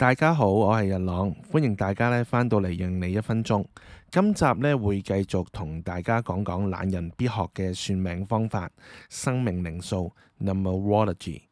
大家好，我係日朗，歡迎大家咧返到嚟《認你一分鐘》。今集咧會繼續同大家講講懶人必學嘅算命方法——生命靈數 （Numerology）。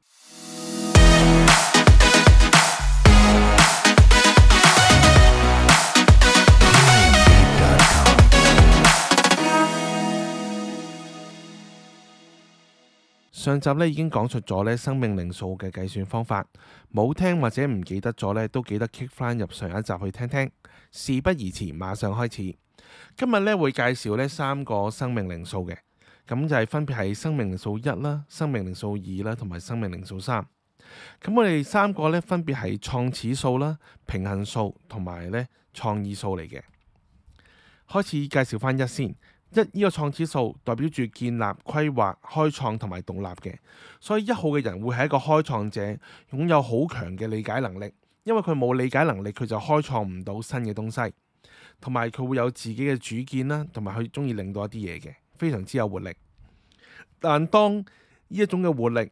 上集咧已經講出咗咧生命靈數嘅計算方法，冇聽或者唔記得咗咧，都記得 kick 翻入上一集去聽聽。事不宜遲，馬上開始。今日咧會介紹咧三個生命靈數嘅，咁就係分別係生命靈數一啦、生命靈數二啦，同埋生命靈數三。咁我哋三個咧分別係創始數啦、平衡數同埋咧創意數嚟嘅。開始介紹翻一先。一呢個創始數代表住建立、規劃、開創同埋獨立嘅，所以一號嘅人會係一個開創者，擁有好強嘅理解能力，因為佢冇理解能力，佢就開創唔到新嘅東西，同埋佢會有自己嘅主見啦，同埋佢中意領導一啲嘢嘅，非常之有活力。但當呢一種嘅活力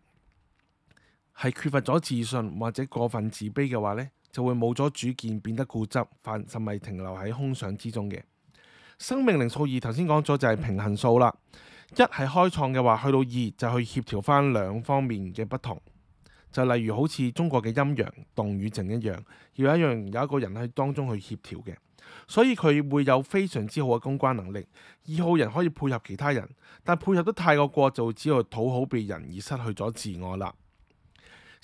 係缺乏咗自信或者過分自卑嘅話呢，就會冇咗主見，變得固執，犯甚至係停留喺空想之中嘅。生命靈數二，頭先講咗就係、是、平衡數啦。一係開創嘅話，去到二就去協調翻兩方面嘅不同，就例如好似中國嘅陰陽、動與靜一樣，要一樣有一個人喺當中去協調嘅，所以佢會有非常之好嘅公關能力。二號人可以配合其他人，但配合得太過過就會只會討好別人而失去咗自我啦。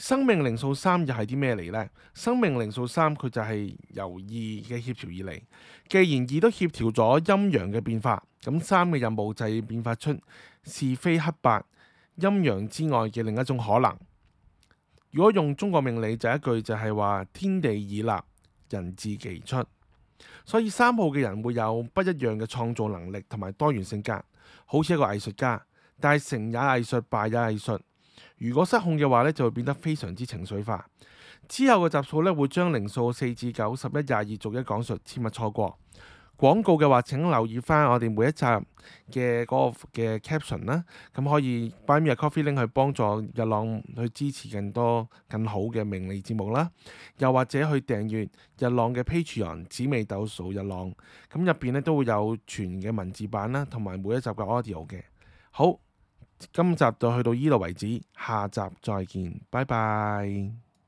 生命靈數三又係啲咩嚟呢？生命靈數三佢就係由二嘅協調而嚟。既然二都協調咗陰陽嘅變化，咁三嘅任務就係變化出是非黑白、陰陽之外嘅另一種可能。如果用中國命理就一句就係話：天地已立，人自其出。所以三號嘅人會有不一樣嘅創造能力同埋多元性格，好似一個藝術家。但係成也藝術，敗也藝術。如果失控嘅話咧，就會變得非常之情緒化。之後嘅集數咧，會將靈數四至九、十一、廿二逐一講述，切勿錯過。廣告嘅話，請留意翻我哋每一集嘅嗰、那個嘅 caption 啦、啊。咁、嗯、可以 buy me a coffee link 去幫助日朗去支持更多更好嘅命理節目啦、啊。又或者去訂閱日朗嘅 Patreon 紫微斗數日朗。咁入邊咧都會有全嘅文字版啦，同埋每一集嘅 audio 嘅。好。今集就去到呢度為止，下集再見，拜拜。